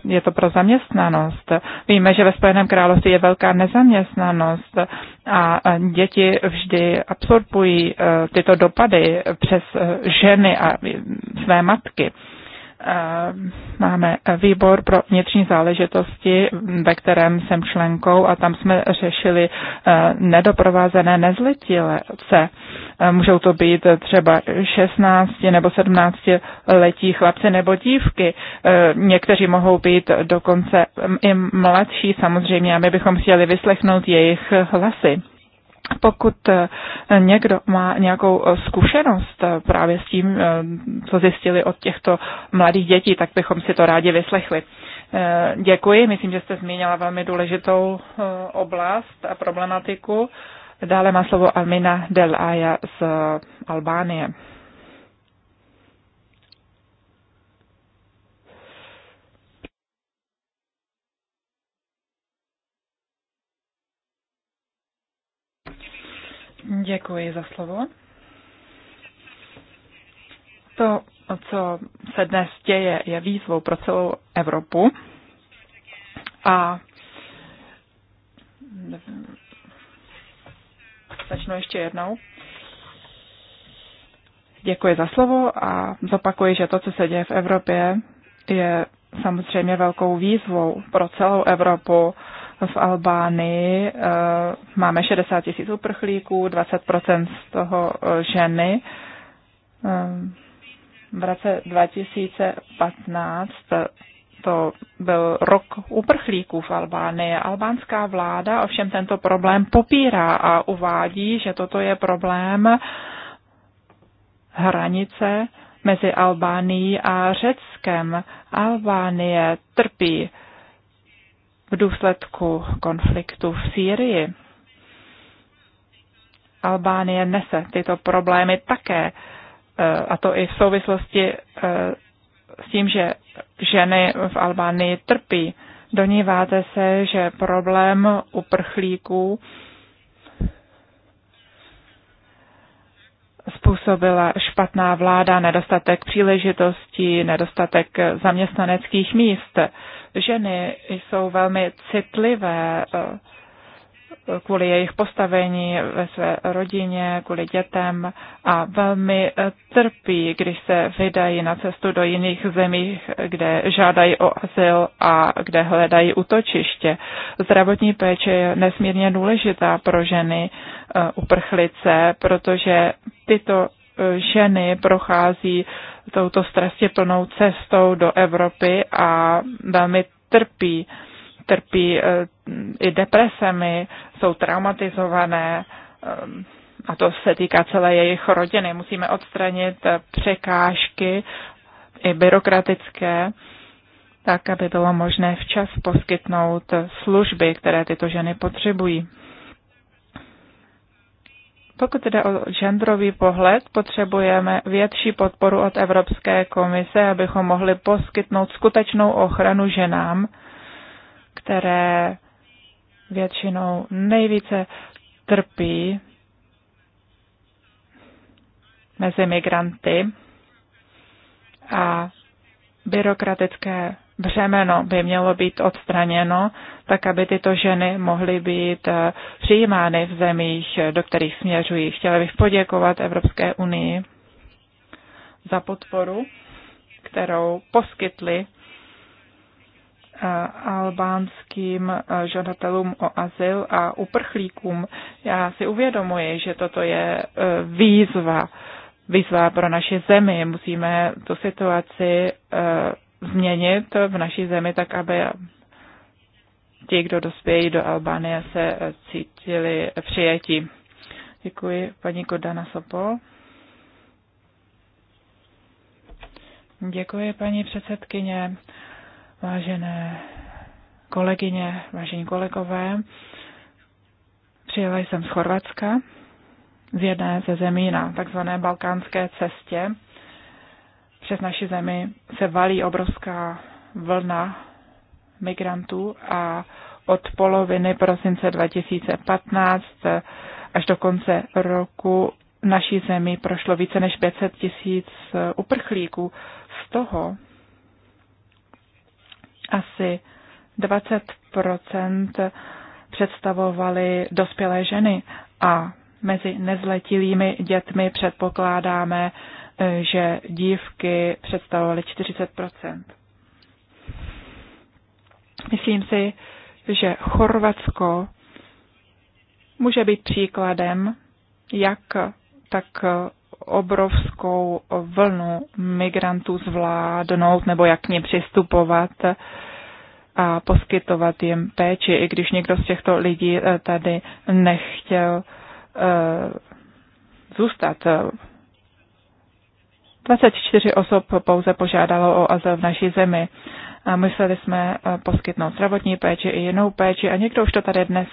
je to pro zaměstnanost. Víme, že ve Spojeném království je velká nezaměstnanost a děti vždy absorbují tyto dopady přes eh, ženy a své matky. Eh, máme výbor pro vnitřní záležitosti, ve kterém jsem členkou a tam jsme řešili eh, nedoprovázené nezletilce. Můžou to být třeba 16 nebo 17 letí chlapci nebo dívky. Někteří mohou být dokonce mm, i mladší samozřejmě a my bychom chtěli vyslechnout jejich hlasy pokud eh, někdo má nějakou eh, zkušenost eh, právě s tím, co zjistili od těchto mladých dětí, tak bychom si to rádi vyslechli. Děkuji, myslím, že jste zmínila velmi důležitou oblast a problematiku. Dále má slovo Almina Del Aya z Albánie. Děkuji za slovo. To, co se dnes děje, je výzvou pro celou Evropu. A začnu ještě jednou. Děkuji za slovo a zopakuji, že to, co se děje v Evropě, je samozřejmě velkou výzvou pro celou Evropu v Albánii eh, máme 60 tisíc uprchlíků, 20% z toho eh, ženy. Eh, v roce 2015 to byl rok uprchlíků v Albánii. Albánská vláda ovšem tento problém popírá a uvádí, že toto je problém hranice mezi Albánií a Řeckem. Albánie trpí v důsledku konfliktu v Sýrii. Albánie nese tyto problémy také, eh, a to i v souvislosti eh, s tím, že ženy v Albánii trpí. Doníváte se, že problém uprchlíků způsobila špatná vláda, nedostatek příležitostí, nedostatek zaměstnaneckých míst. Ženy jsou velmi citlivé eh, kvůli jejich postavení ve své rodině, kvůli dětem a velmi eh, trpí, když se vydají na cestu do jiných zemí, kde žádají o azyl a kde hledají útočiště. Zdravotní péče je nesmírně důležitá pro ženy eh, uprchlice, protože tyto eh, ženy prochází touto stresně plnou cestou do Evropy a velmi trpí trpí eh, i depresemi, jsou traumatizované eh, a to se týká celé jejich rodiny. Musíme odstranit eh, překážky i byrokratické, tak, aby bylo možné včas poskytnout služby, které tyto ženy potřebují. Pokud jde o genderový pohled, potřebujeme větší podporu od Evropské komise, abychom mohli poskytnout skutečnou ochranu ženám, které většinou nejvíce trpí mezi migranty a byrokratické břemeno by mělo být odstraněno, tak aby tyto ženy mohly být eh, přijímány v zemích, eh, do kterých směřují. Chtěla bych poděkovat Evropské unii za podporu, kterou poskytli albánským žadatelům o azyl a uprchlíkům. Já si uvědomuji, že toto je e, výzva, výzva pro naši zemi. Musíme tu situaci e, změnit v naší zemi tak, aby ti, kdo dospějí do Albánie, se e, cítili přijetí. Děkuji, paní Kodana Sopol. Děkuji, paní předsedkyně vážené kolegyně, vážení kolegové. Přijela jsem z Chorvatska, z jedné ze zemí na takzvané balkánské cestě. Přes naši zemi se valí obrovská vlna migrantů a od poloviny prosince 2015 až do konce roku naší zemi prošlo více než 500 tisíc uprchlíků. Z toho asi 20 představovaly dospělé ženy a mezi nezletilými dětmi předpokládáme, eh, že dívky představovaly 40 Myslím si, že Chorvatsko může být příkladem, jak tak obrovskou vlnu migrantů zvládnout nebo jak k ní přistupovat a poskytovat jim péči, i když někdo z těchto lidí eh, tady nechtěl eh, zůstat. 24 osob pouze požádalo o azyl v naší zemi. A mysleli jsme eh, poskytnout zdravotní péči i jinou péči a někdo už to tady dnes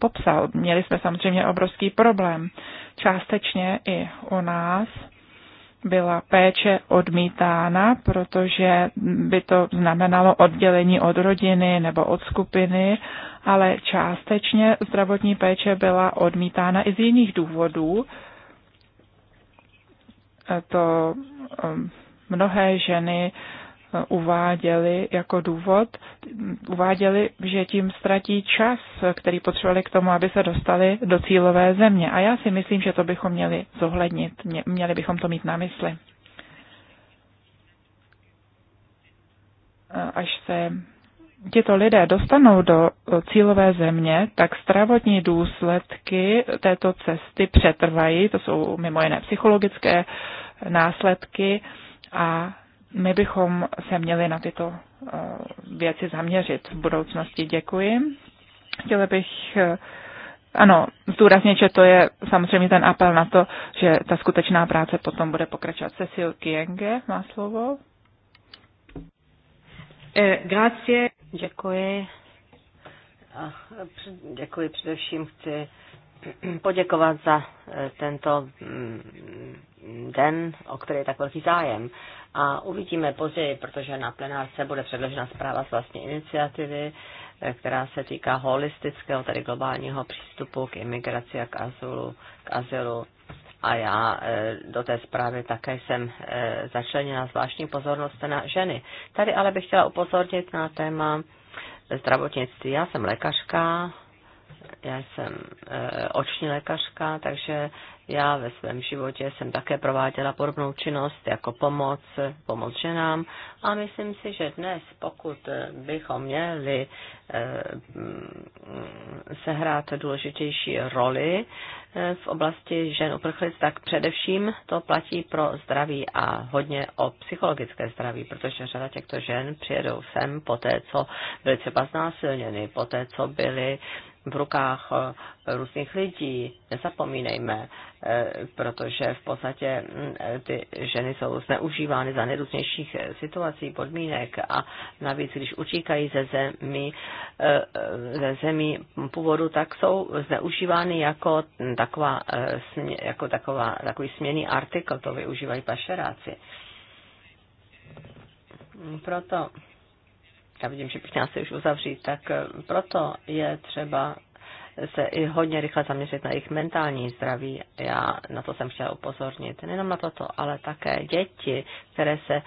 popsal. Měli jsme samozřejmě obrovský problém. Částečně i u nás byla péče odmítána, protože by to znamenalo oddělení od rodiny nebo od skupiny, ale částečně zdravotní péče byla odmítána i z jiných důvodů. To eh, mnohé ženy Eh, uváděli jako důvod, uváděli, že tím ztratí čas, který potřebovali k tomu, aby se dostali do cílové země. A já si myslím, že to bychom měli zohlednit, měli bychom to mít na mysli. Eh, až se tito lidé dostanou do eh, cílové země, tak zdravotní důsledky této cesty přetrvají, to jsou mimo jiné psychologické následky a my bychom se měli na tyto eh, věci zaměřit v budoucnosti. Děkuji. Chtěla bych eh, ano, zdůraznit, že to je samozřejmě ten apel na to, že ta skutečná práce potom bude pokračovat. Cecil Kienge má slovo.
Eh,
grazie. Děkuji. A děkuji především chci [CLEARS THROAT] poděkovat za tento mm, den, o který je tak velký zájem. A uvidíme později, protože na plenárce bude předložena zpráva z vlastní iniciativy, eh, která se týká holistického, tedy globálního přístupu k imigraci a k azylu. K azylu. A já eh, do té zprávy také jsem eh, začleněna zvláštní pozornost na ženy. Tady ale bych chtěla upozornit na téma zdravotnictví. Já jsem lékařka já jsem e, oční lékařka, takže já ve svém životě jsem také prováděla podobnou činnost jako pomoc, pomoc ženám a myslím si, že dnes, pokud bychom měli e, mm, sehrát důležitější roli e, v oblasti žen uprchlic, tak především to platí pro zdraví a hodně o psychologické zdraví, protože řada těchto žen přijedou sem po té, co byly třeba znásilněny, po té, co byly eh, v rukách eh, různých lidí. Nezapomínejme, eh, protože v podstatě mm, eh, ty ženy jsou zneužívány za nejrůznějších situací, podmínek a navíc, když utíkají ze zemí, ze zemí původu, tak jsou zneužívány jako, taková, jako taková, takový směný artikl, to využívají pašeráci. Proto já vidím, že bych měla se už uzavřít, tak eh, proto je třeba se i hodně rychle zaměřit na jejich mentální zdraví. Já na to jsem chtěla upozornit. Nejenom na toto, ale také děti, které se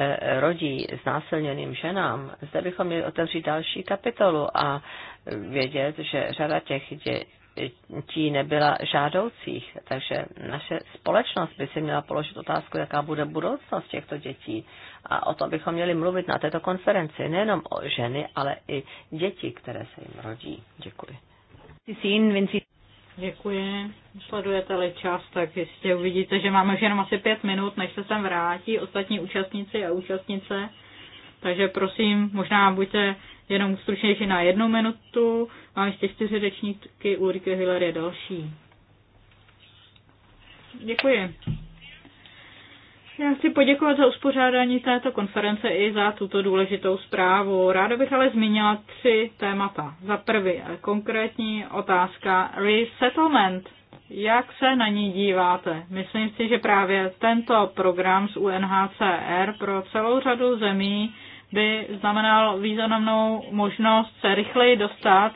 eh, rodí násilněným ženám. Zde bychom měli otevřít další kapitolu a eh, vědět, že řada těch dětí ti nebyla žádoucích. Takže naše společnost by si měla položit otázku, jaká bude budoucnost těchto dětí. A o tom bychom měli mluvit na této konferenci. Nejenom o ženy, ale i děti, které se jim rodí. Děkuji.
Děkuji. Sledujete-li čas, tak jistě uvidíte, že máme už jenom asi pět minut, než se sem vrátí ostatní účastníci a účastnice. Takže prosím, možná buďte jenom stručnější na jednu minutu. Mám ještě čtyři řečníky, Ulrike Hiller je další. Děkuji. Já chci poděkovat za uspořádání této konference i za tuto důležitou zprávu. Ráda bych ale zmínila tři témata. Za prvé konkrétní otázka resettlement. Jak se na ní díváte? Myslím si, že právě tento program z UNHCR pro celou řadu zemí by znamenal významnou možnost se rychleji dostat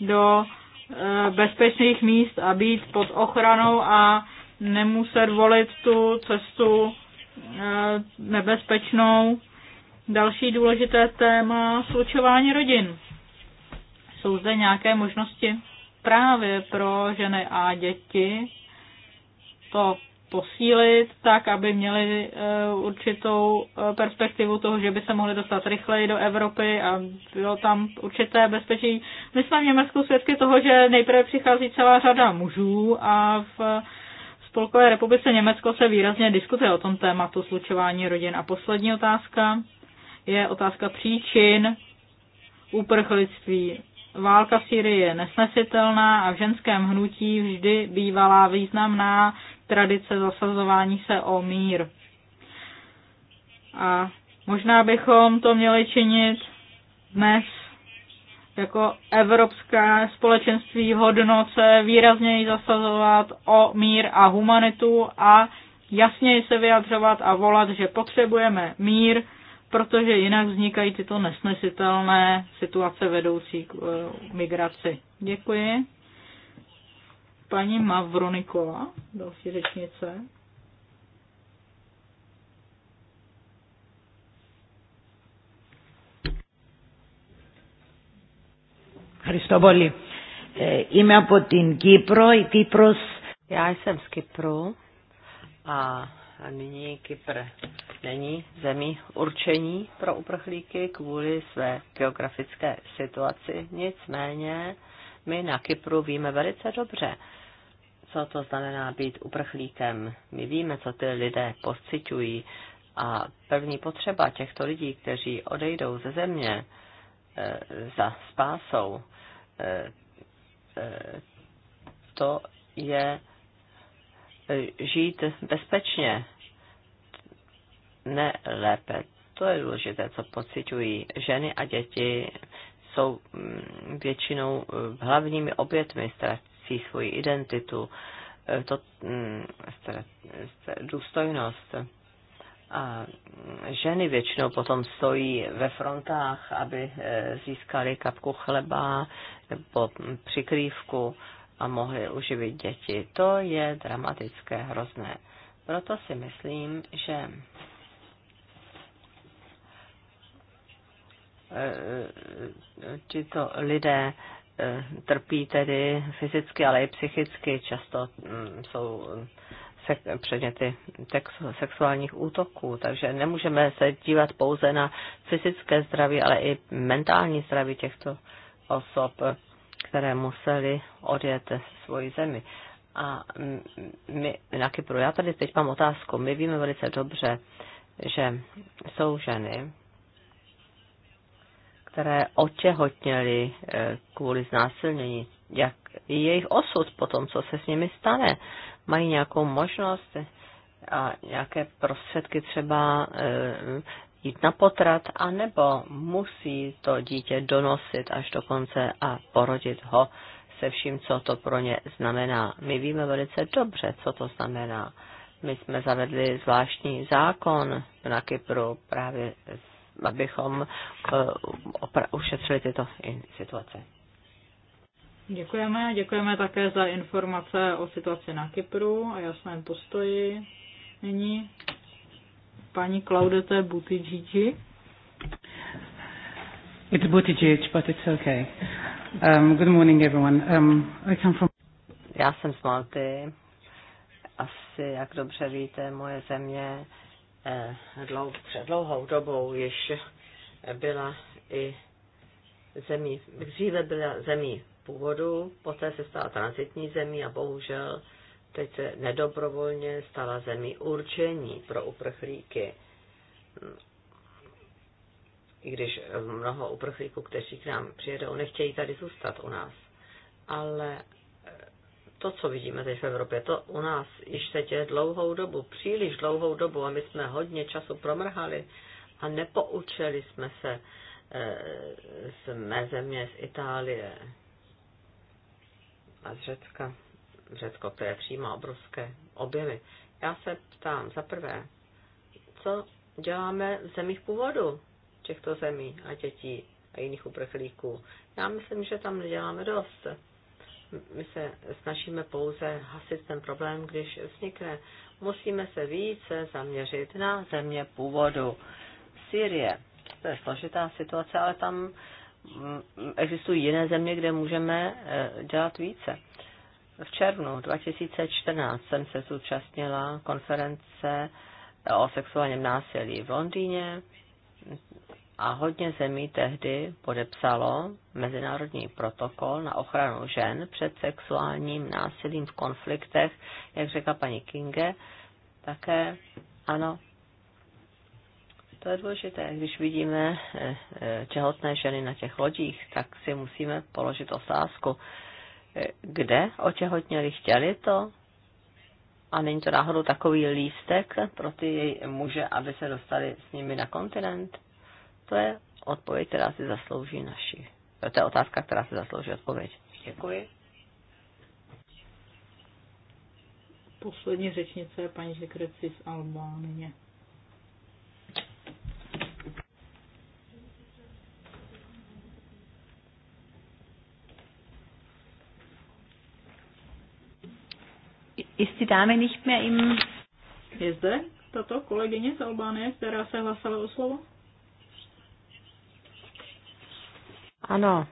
do eh, bezpečných míst a být pod ochranou a nemuset volit tu cestu eh, nebezpečnou. Další důležité téma slučování rodin. Jsou zde nějaké možnosti právě pro ženy a děti. To posílit, tak aby měli eh, určitou eh, perspektivu toho, že by se mohli dostat rychleji do Evropy a bylo tam určité bezpečí. My jsme v Německu svědky toho, že nejprve přichází celá řada mužů a v Spolkové republice Německo se výrazně diskutuje o tom tématu slučování rodin. A poslední otázka je otázka příčin úprchlictví. Válka v Syrii je nesnesitelná a v ženském hnutí vždy bývala významná tradice zasazování se o mír. A možná bychom to měli činit dnes jako evropské společenství hodnoce výrazněji zasazovat o mír a humanitu a jasněji se vyjadřovat a volat, že potřebujeme mír, protože jinak vznikají tyto nesnesitelné situace vedoucí k eh, migraci. Děkuji. Paní Mavronikola, další řečnice. Ευχαριστώ πολύ. Ε, είμαι από την
Κύπρο, Já jsem z Kypru a, a nyní Kypr není zemí určení pro uprchlíky kvůli své geografické situaci. Nicméně my na Kypru víme velice dobře, co to znamená být uprchlíkem. My víme, co ty lidé pocitují a první potřeba těchto lidí, kteří odejdou ze země e, za spásou, e, e, to je e, žít bezpečně, ne lépe. To je důležité, co pocitují ženy a děti, jsou mm, většinou e, hlavními obětmi jazycích svoji identitu, eh, to, mm, důstojnost. A mm, ženy většinou potom stojí ve frontách, aby eh, získali kapku chleba nebo přikrývku a mohli uživit děti. To je dramatické, hrozné. Proto si myslím, že eh, tito lidé Eh, trpí tedy fyzicky, ale i psychicky. Často mm, jsou eh, předměty sexuálních útoků, takže nemůžeme se dívat pouze na fyzické zdraví, ale i mentální zdraví těchto osob, které museli odjet svoji zemi. A my na Kypru, já tady teď mám otázku, my víme velice dobře, že jsou ženy, které otěhotněly eh, kvůli znásilnění. Jak jejich osud po tom, co se s nimi stane? Mají nějakou možnost a nějaké prostředky třeba eh, jít na potrat, anebo musí to dítě donosit až do konce a porodit ho se vším, co to pro ně znamená. My víme velice dobře, co to znamená. My jsme zavedli zvláštní zákon na Kypru právě abychom eh, ušetřili tyto situace.
Děkujeme, děkujeme také za informace o situaci na Kypru a jasném postoji. Nyní paní Claudete Buttigieg. It's Buttigieg, but it's okay. Um, good morning, everyone. Um, I come from...
Já jsem z Malty. Asi, jak dobře víte, moje země Eh, dlou, před dlouhou dobou již byla i zemí, dříve byla zemí původu, poté se stala transitní zemí a bohužel teď se nedobrovolně stala zemí určení pro uprchlíky. I když mnoho uprchlíků, kteří k nám přijedou, nechtějí tady zůstat u nás. Ale to, co vidíme teď v Evropě, to u nás již se děje dlouhou dobu, příliš dlouhou dobu a my jsme hodně času promrhali a nepoučili jsme se eh, z mé země, z Itálie a z Řecka. Řecko, které přijímá obrovské objemy. Já se ptám, za prvé, co děláme v zemích původu těchto zemí a dětí a jiných uprchlíků? Já myslím, že tam neděláme dost my se snažíme pouze hasit ten problém, když vznikne. Musíme se více zaměřit na země původu. Syrie, to je složitá situace, ale tam mm, existují jiné země, kde můžeme eh, dělat více. V červnu 2014 jsem se zúčastnila konference o sexuálním násilí v Londýně a hodně zemí tehdy podepsalo mezinárodní protokol na ochranu žen před sexuálním násilím v konfliktech, jak řekla paní Kinge, také ano. To je důležité, když vidíme eh, eh, těhotné ženy na těch lodích, tak si musíme položit otázku, eh, kde otěhotněli, chtěli to, a není to náhodou takový lístek pro ty muže, aby se dostali s nimi na kontinent? To je odpověď, která si zaslouží naši. To je otázka, která si zaslouží odpověď. Děkuji.
Poslední řečnice je paní Žekreci z Albánie.
Ist die Dame nicht mehr im... Je zde
tato kolegyně z Albánie, která se hlasila o slovo?
Ano,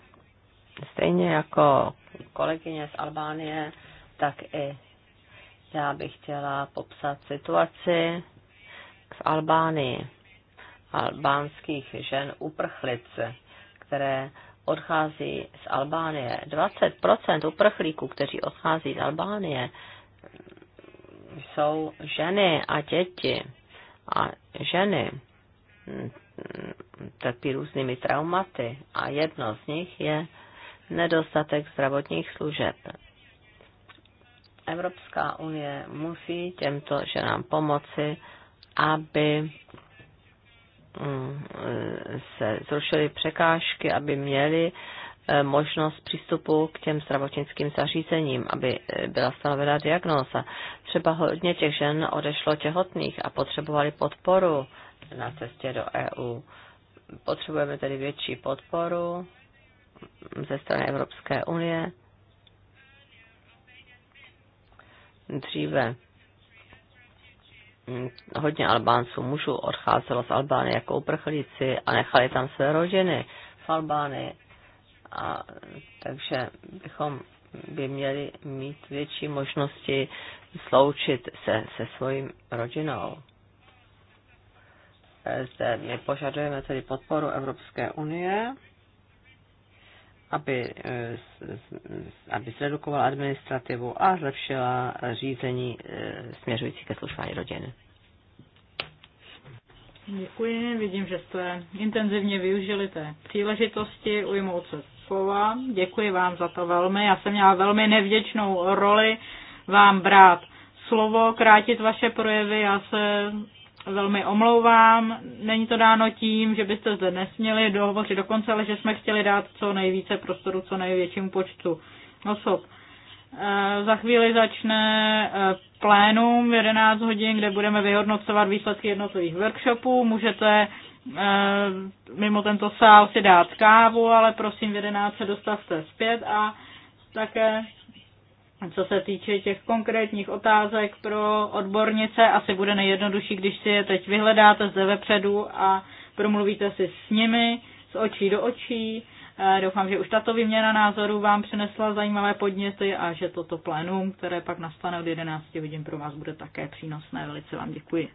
stejně jako kolegyně z Albánie, tak i já bych chtěla popsat situaci v Albánii albánských žen uprchlic, které odchází z Albánie. 20% uprchlíků, kteří odchází z Albánie, jsou ženy a děti. A ženy trpí různými traumaty a jedno z nich je nedostatek zdravotních služeb. Evropská unie musí těmto ženám pomoci, aby mm, se zrušily překážky, aby měli e, možnost přístupu k těm zdravotnickým zařízením, aby e, byla stanovena diagnóza. Třeba hodně těch žen odešlo těhotných a potřebovali podporu na cestě do EU. Potřebujeme tedy větší podporu ze strany Evropské unie. Dříve hodně Albánců mužů odcházelo z Albány jako uprchlíci a nechali tam své rodiny v Albány. A, takže bychom by měli mít větší možnosti sloučit se se svou rodinou zde my požadujeme tedy podporu Evropské unie, aby, eh, aby zredukovala administrativu a zlepšila řízení eh, směřující ke slušování rodin.
Děkuji, vidím, že jste intenzivně využili té příležitosti ujmout se slova. Děkuji vám za to velmi. Já jsem měla velmi nevděčnou roli vám brát slovo, krátit vaše projevy. Já se velmi omlouvám. Není to dáno tím, že byste zde nesměli dohovořit dokonce, ale že jsme chtěli dát co nejvíce prostoru, co největším počtu osob. Eh, za chvíli začne eh, plénum v 11 hodin, kde budeme vyhodnocovat výsledky jednotlivých workshopů. Můžete eh, mimo tento sál si dát kávu, ale prosím v 11 se dostavte zpět a také co se týče těch konkrétních otázek pro odbornice, asi bude nejjednodušší, když si je teď vyhledáte zde vepředu a promluvíte si s nimi z očí do očí. Doufám, že už tato výměna názorů vám přinesla zajímavé podněty a že toto plénum, které pak nastane od 11 hodin pro vás, bude také přínosné. Velice vám děkuji.